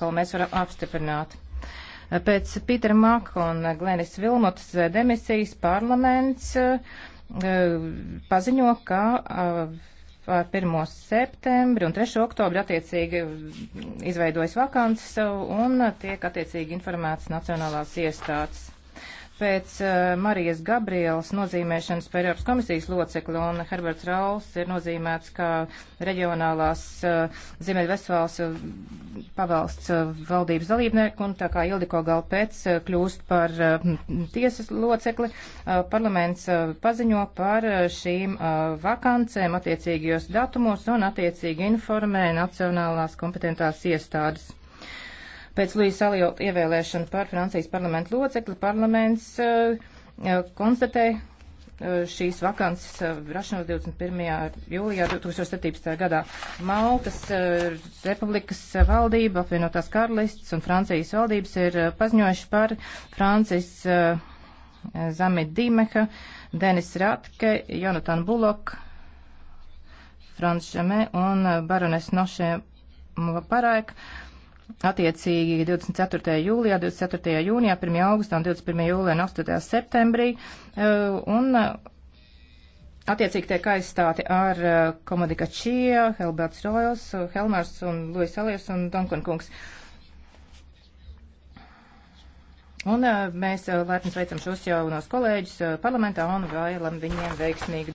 protokolu mēs varam apstiprināt. Pēc Pītera Maka un Glenis Vilmotas demisijas parlaments eh, paziņo, ka eh, ar 1. septembri un 3. oktobri attiecīgi izveidojas vakances un tiek attiecīgi informētas nacionālās iestādes pēc uh, Marijas Gabrielas nozīmēšanas par Eiropas komisijas locekli un Herberts Rauls ir nozīmēts kā reģionālās uh, eh, Ziemeļvestvāls uh, eh, pavalsts uh, valdības dalībnieku un tā kā Ildiko Galpēc uh, kļūst par uh, tiesas locekli, uh, parlaments uh, paziņo par uh, šīm uh, vakancēm attiecīgajos datumos un attiecīgi informē nacionālās kompetentās iestādes. Pēc Luisa Alio ievēlēšanu par Francijas parlamentu locekli parlaments uh, konstatē uh, šīs vakances uh, rašanos 21. jūlijā 2017. gadā. Maltas republikas valdība, apvienotās karalists un Francijas valdības ir paziņojuši par Francijas Zamit Dīmeha, Denis Ratke, Jonatan Bulok, Frans Žemē un Barones Nošē Parai attiecīgi 24. jūlijā, 24. jūnijā, 1. augustā un 21. jūlijā un 8. septembrī. Eh, un eh, attiecīgi tiek aizstāti ar eh, Komodika Čija, Helberts Royals, Helmers un Luis Alies un Donkon Kungs. Un mēs laipni sveicam šos jaunos kolēģus parlamentā un vēlam viņiem veiksmīgu.